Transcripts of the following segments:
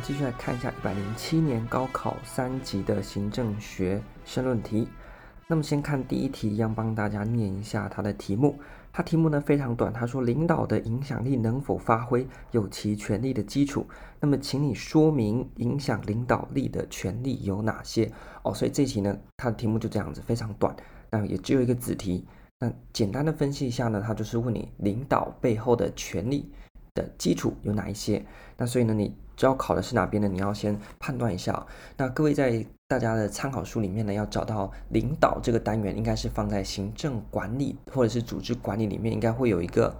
繼續來看一下一百零七年高考三級的行政學申論題。那麼先看第一題，一樣幫大家念一下它的題目。它題目呢非常短，它說領導的影響力能否發揮，有其權力的基礎。那麼請你說明影響領導力的權力有哪些？哦，所以這題呢，它的題目就這樣子，非常短。那也只有一個子題。那簡單的分析一下呢，它就是問你領導背後的權力的基礎有哪一些。那所以呢，你，主要考的是哪邊呢？你要先判斷一下。那各位在大家的參考書裡面呢，要找到領導這個單元，應該是放在行政管理或者是組織管理裡面，應該會有一個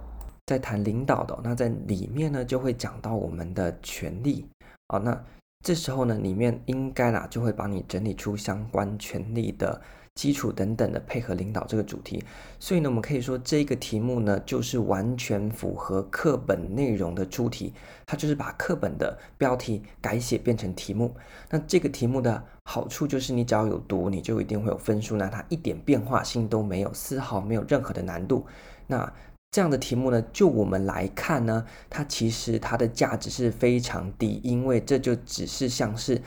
在談領導的。那在裡面呢，就會講到我們的權力啊。好，那這時候呢，裡面應該啦就會幫你整理出相關權力的基礎等等的配合領導這個主題，所以呢，我們可以說這個題目呢，就是完全符合課本內容的出題，它就是把課本的標題改寫變成題目。那這個題目的好處就是，你只要有讀，你就一定會有分數。那它一點變化性都沒有，絲毫沒有任何的難度。那這樣的題目呢，就我們來看呢，它其實它的價值是非常低，因為這就只是像是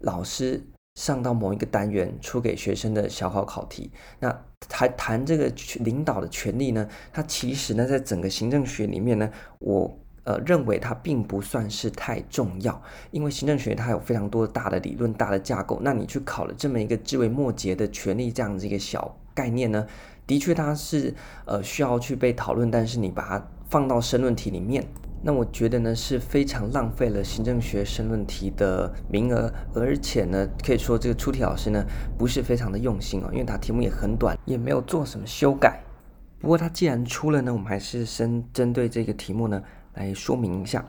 老師。上到某一個單元出給學生的小考考題，那談談這個領導的權力呢，它其實呢，在整個行政學裡面呢，我呃認為它並不算是太重要，因為行政學它有非常多大的理論、大的架構。那你去考了這麼一個枝微末節的權力，這樣的一個小概念呢，的確它是呃需要去被討論，但是你把它放到申論題裡面。那我覺得呢是非常浪費了行政學申論題的名額，而且呢，可以說這個出題老師呢不是非常的用心啊、哦，因為他題目也很短，也沒有做什麼修改。不過他既然出了呢，我們還是先針對這個題目呢來說明一下。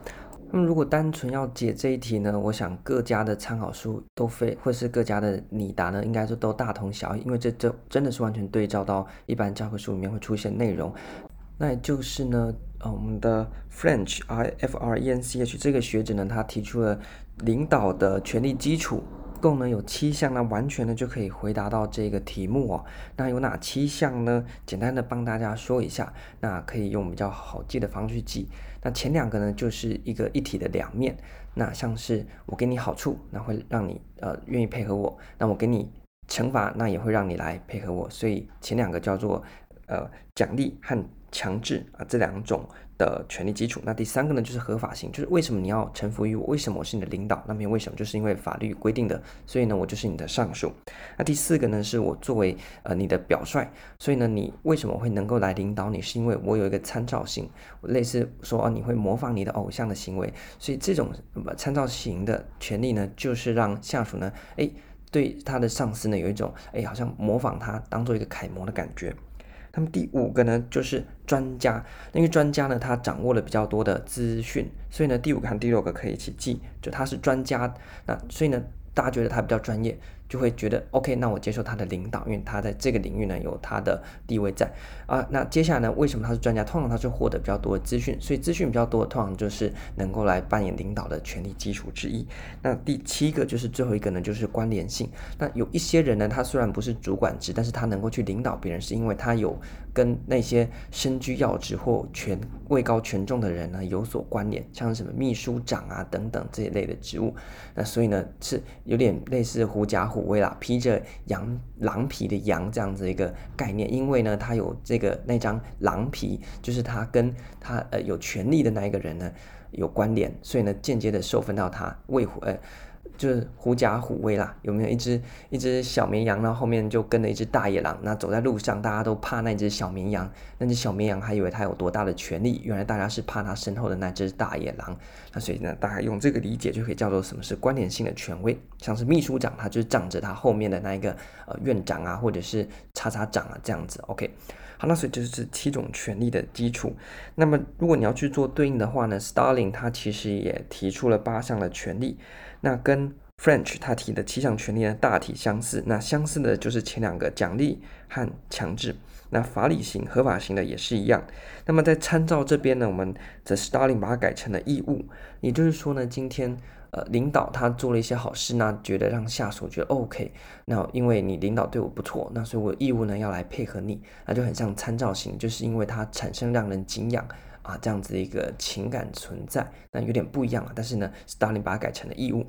那麼如果單純要解這一題呢，我想各家的參考書都非，或是各家的擬答呢，應該說都大同小異，因為這這真的是完全對照到一般教科書裡面會出現內容，那也就是呢。啊、哦，我們的 French，I F R E N C H 這個學者呢，他提出了領導的權力基礎，共呢有七項，那完全呢就可以回答到這個題目哦。那有哪七項呢？簡單的幫大家說一下，那可以用比較好記的方式去記。那前兩個呢，就是一個一體的兩面，那像是我給你好處，那會讓你呃願意配合我；那我給你懲罰，那也會讓你來配合我，所以前兩個叫做呃獎勵和。強制啊，這兩種的權力基礎。那第三個呢，就是合法性，就是為什麼你要臣服於我？為什麼我是你的領導？那麼為什麼？就是因為法律規定的，所以呢，我就是你的上司。那第四個呢，是我作為呃你的表率，所以呢，你為什麼會能夠來領導你？是因為我有一個參照性，類似說你會模仿你的偶像的行為。所以這種參照型的權力呢，就是讓下屬呢，哎，對他的上司呢有一種哎好像模仿他當做一個楷模的感覺。那麼第五個呢，就是專家。那個專家呢，他掌握了比較多的資訊，所以呢，第五個和第六個可以一起記，就他是專家。那所以呢，大家覺得他比較專業。就會覺得 OK，那我接受他的領導，因為他在這個領域呢有他的地位在啊。那接下來呢，為什麼他是專家？通常他是獲得比較多的資訊，所以資訊比較多，通常就是能夠來扮演領導的權力基礎之一。那第七個就是最後一個呢，就是關聯性。那有一些人呢，他雖然不是主管職，但是他能夠去領導別人，是因為他有。跟那些身居要職或權位高權重的人呢有所關聯，像什麼秘書長啊等等這一類的職務，那所以呢是有點類似狐假虎威啦，披着羊狼皮的羊這樣子一個概念，因為呢他有這個那張狼皮，就是他跟他呃有權力的那一個人呢有關聯，所以呢間接的受分到他未。虎呃。就是狐假虎威啦，有沒有一隻一隻小綿羊，然後後面就跟着一隻大野狼，那走在路上，大家都怕那隻小綿羊，那隻小綿羊還以為他有多大的權力，原來大家是怕他身後的那隻大野狼，那所以呢，大家用這個理解就可以叫做什麼是關聯性的權威，像是秘書長，他就仗着他後面的那一個呃院長啊，或者是叉叉長啊這樣子，OK，好，那所以就是這七種權力的基礎。那麼如果你要去做對應的話呢，Starling 他其實也提出了八項的權力。那跟 French 他提的七項權力呢，大體相似。那相似的就是前兩個獎勵和強制。那法理型、合法型的也是一樣。那麼在參照這邊呢，我們則 Stalin 把它改成了義務。也就是說呢，今天呃領導他做了一些好事呢，那覺得讓下屬覺得 OK，那因為你領導對我不錯，那所以我義務呢要來配合你，那就很像參照型，就是因為它產生讓人敬仰。啊，這樣子一個情感存在，那有點不一樣了，啊。但是呢，Starling 把它改成了義務。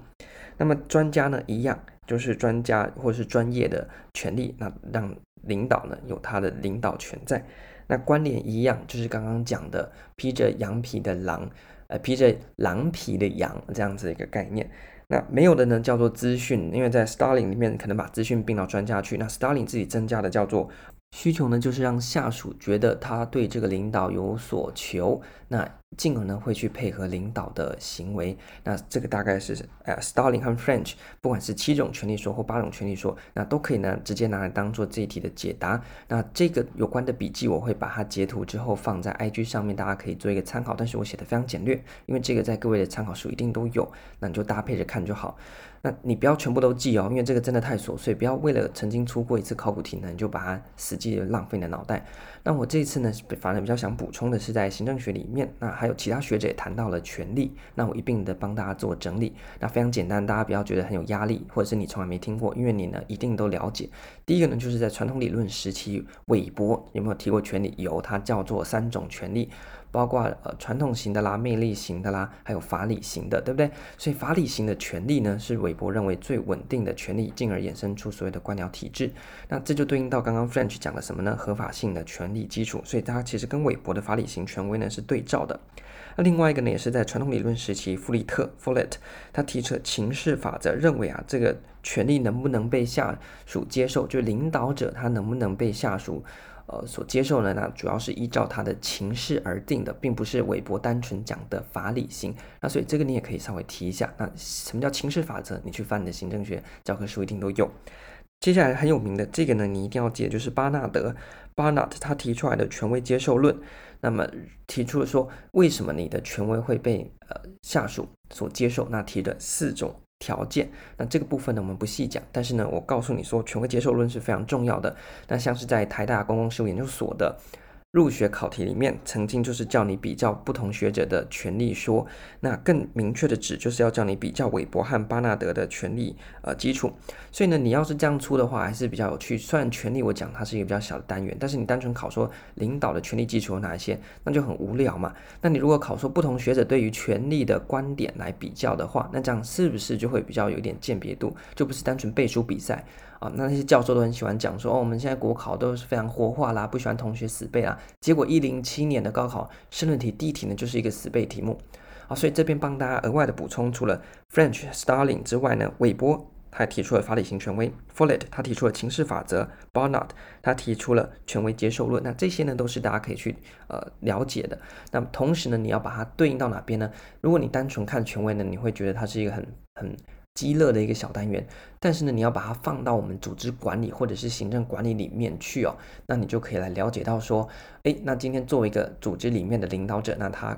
那麼專家呢，一樣，就是專家或是專業的權利，那讓領導呢有他的領導權在。那關聯一樣，就是剛剛講的披着羊皮的狼，呃，披着狼皮的羊這樣子的一個概念。那沒有的呢，叫做資訊，因為在 Starling 裡面可能把資訊併到專家去。那 Starling 自己增加的叫做。需求呢，就是讓下屬覺得他對這個領導有所求。那。盡可能會去配合領導的行為，那這個大概是呃 Stalin 和 French，不管是七種權力說或八種權力說，那都可以呢直接拿來當做這一題的解答。那這個有關的筆記我會把它截圖之後放在 IG 上面，大家可以做一個參考。但是我寫的非常簡略，因為這個在各位的參考書一定都有，那你就搭配着看就好。那你不要全部都記哦，因為這個真的太瑣碎，所以不要為了曾經出過一次考古題呢，你就把它死記浪費你的腦袋。那我這一次呢，反而比較想補充的是在行政學裡面那。還有其他學者也談到了權力，那我一併的幫大家做整理。那非常簡單，大家不要覺得很有壓力，或者是你從來沒聽過，因為你呢一定都了解。第一個呢就是在傳統理論時期，韋伯有沒有提過權力？有，它叫做三種權力。包括呃傳統型的啦，魅力型的啦，還有法理型的，對不對？所以法理型的權力呢，是韋伯認為最穩定的權力，進而衍生出所謂的官僚體制。那這就對應到剛剛 French 講的什麼呢？合法性的權力基礎。所以它其實跟韋伯的法理型權威呢是對照的。那另外一個呢，也是在傳統理論時期，弗里特 （Follett） 他提出的情勢法則，認為啊這個權力能不能被下屬接受，就領導者他能不能被下屬，呃，所接受的呢，主要是依照他的情勢而定的，並不是韋伯單純講的法理性。那所以這個你也可以稍微提一下。那什麼叫情勢法則？你去翻你的行政學教科書一定都有。接下來很有名的這個呢，你一定要記，就是巴納德巴納 r 他提出來的權威接受論。那麼提出了說，為什麼你的權威會被呃下屬所接受？那提的四種。條件，那這個部分呢，我們不細講。但是呢，我告訴你說，權威接受論是非常重要的。那像是在台大公共事務研究所的。入學考題裡面曾經就是叫你比較不同學者的權力說，那更明確的指就是要叫你比較韋伯和巴納德的權力呃基礎。所以呢，你要是這樣出的話，還是比較有趣。雖然權力，我講它是一個比較小的單元，但是你單純考說領導的權力基礎有哪些，那就很無聊嘛。那你如果考說不同學者對於權力的觀點來比較的話，那這樣是不是就會比較有點鑑別度？就不是單純背書比賽。啊，那那些教授都很喜歡講說，哦，我們現在國考都是非常活化啦，不喜歡同學死背啦。結果一零七年的高考申論題，第一題呢，就是一個死背題目。啊，所以這邊幫大家額外的補充，除了 French Starling 之外呢，韋伯他還提出了法理型權威 Follett，他提出了情勢法則，Barnard，他提出了權威接受論。那這些呢，都是大家可以去呃了解的。那麼同時呢，你要把它對應到哪邊呢？如果你單純看權威呢，你會覺得它是一個很很。激勵的一個小單元，但是呢，你要把它放到我們組織管理或者是行政管理裡面去哦，那你就可以來了解到說，誒，那今天作為一個組織裡面的領導者，那他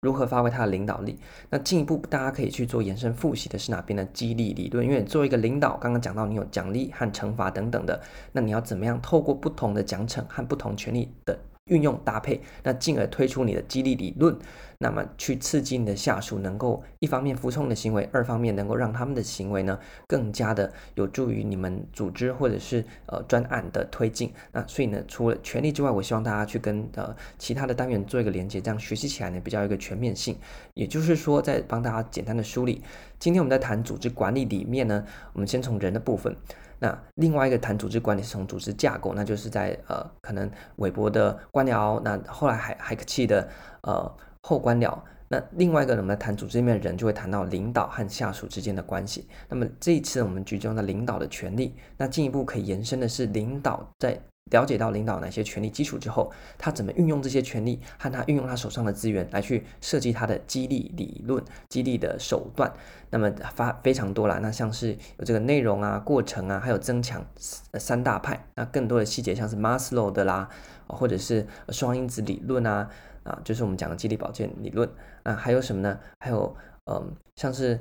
如何發揮他的領導力？那進一步大家可以去做延伸複習的是哪邊的激勵理論？因為作為一個領導，剛剛講到你有獎勵和懲罰等等的，那你要怎麼樣透過不同的獎懲和不同權力的。運用搭配，那進而推出你的激勵理論，那麼去刺激你的下屬能夠一方面服從你的行為，二方面能夠讓他們的行為呢更加的有助於你們組織或者是呃專案的推進。那所以呢，除了權力之外，我希望大家去跟呃其他的單元做一個連接，這樣學習起來呢比較有一個全面性。也就是說，在幫大家簡單的梳理，今天我們在談組織管理裡面呢，我們先從人的部分。那另外一個談組織管理是從組織架構，那就是在呃可能韋伯的官僚，那後來海海克奇的呃後官僚。那另外一個我們談組織裡面的人，就會談到領導和下屬之間的關係。那麼這一次我們聚焦在領導的權力，那進一步可以延伸的是領導在。了解到領導哪些權力基礎之後，他怎麼運用這些權力，和他運用他手上的資源來去設計他的激勵理論、激勵的手段，那麼發非常多啦。那像是有這個內容啊、過程啊，還有增強三大派。那更多的細節像是馬斯洛的啦，或者是雙因子理論啊啊，就是我們講的激勵保健理論啊，還有什麼呢？還有嗯、呃，像是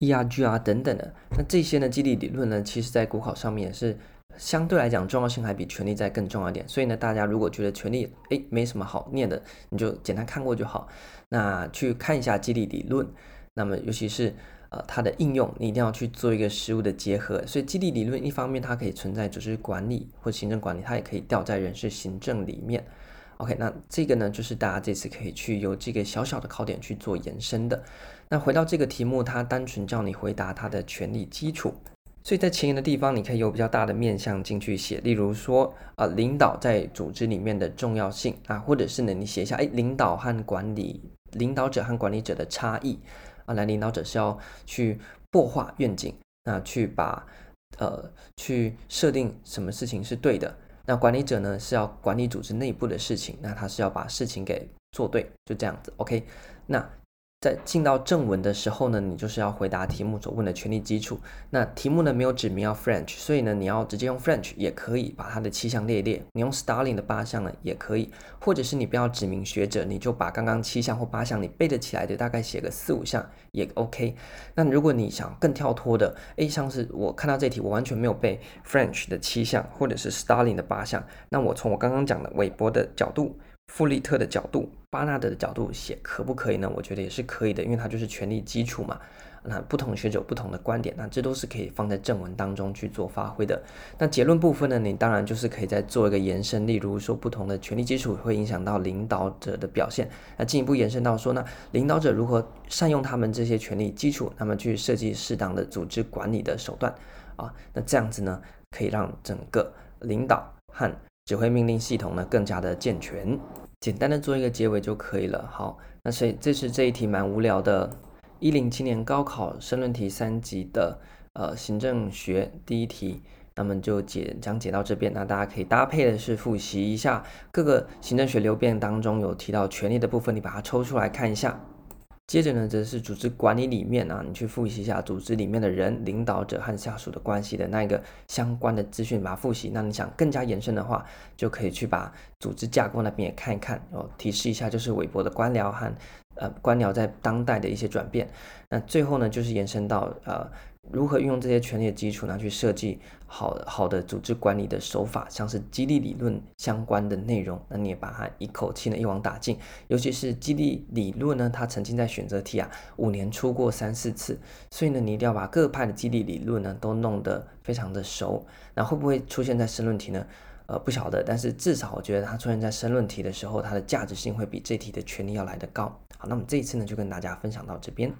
ERG 啊等等的。那這些呢激勵理論呢，其實在國考上面也是。相對來講，重要性還比權力再更重要一點。所以呢，大家如果覺得權力誒沒什麼好念的，你就簡單看過就好。那去看一下激勵理論，那麼尤其是呃它的應用，你一定要去做一個實務的結合。所以激勵理論一方面它可以存在組織管理或行政管理，它也可以掉在人事行政裡面。OK，那這個呢就是大家這次可以去由這個小小的考點去做延伸的。那回到這個題目，它單純叫你回答它的權力基礎。所以在前言的地方，你可以有比較大的面向進去寫，例如說啊、呃，領導在組織裡面的重要性啊，或者是呢，你寫一下，哎、欸，領導和管理、領導者和管理者的差異啊，來，領導者是要去擘劃願景，那去把呃，去設定什麼事情是對的，那管理者呢是要管理組織內部的事情，那他是要把事情給做對，就這樣子，OK，那。在進到正文的時候呢，你就是要回答題目所問的權力基礎。那題目呢沒有指明要 French，所以呢你要直接用 French 也可以把它的七項列一列。你用 Starling 的八項呢也可以，或者是你不要指明學者，你就把剛剛七項或八項你背得起來的大概寫個四五項也 OK。那如果你想更跳脫的，A 項、欸、是我看到這一題我完全沒有背 French 的七項或者是 Starling 的八項，那我從我剛剛講的韋伯的角度、弗里特的角度。巴納德的角度寫可不可以呢？我覺得也是可以的，因為它就是權力基礎嘛。那不同學者有不同的觀點，那這都是可以放在正文當中去做發揮的。那結論部分呢，你當然就是可以再做一個延伸，例如說不同的權力基礎會影響到領導者的表現，那進一步延伸到說呢，領導者如何善用他們這些權力基礎，那麼去設計適當的組織管理的手段啊，那這樣子呢，可以讓整個領導和指揮命令系統呢更加的健全。簡單的做一個結尾就可以了。好，那所以這是這一題蠻無聊的，一零七年高考申論題三級的呃行政學第一題，那麼就解講解到這邊。那大家可以搭配的是復習一下各個行政學流變當中有提到權力的部分，你把它抽出來看一下。接着呢，則是組織管理裡面啊，你去複習一下組織裡面的人、領導者和下屬的關係的那個相關的資訊吧。把它複習。那你想更加延伸的話，就可以去把組織架構那邊也看一看。哦，提示一下，就是韋伯的官僚和呃官僚在當代的一些轉變。那最後呢，就是延伸到呃。如何運用這些權力的基礎呢，拿去設計好好的組織管理的手法，像是激勵理論相關的內容，那你也把它一口氣呢，一網打盡。尤其是激勵理論呢，它曾經在選擇題啊五年出過三四次，所以呢，你一定要把各派的激勵理論呢都弄得非常的熟。那會不會出現在申論題呢？呃，不曉得，但是至少我覺得它出現在申論題的時候，它的價值性會比這題的權力要來得高。好，那麼這一次呢，就跟大家分享到這邊。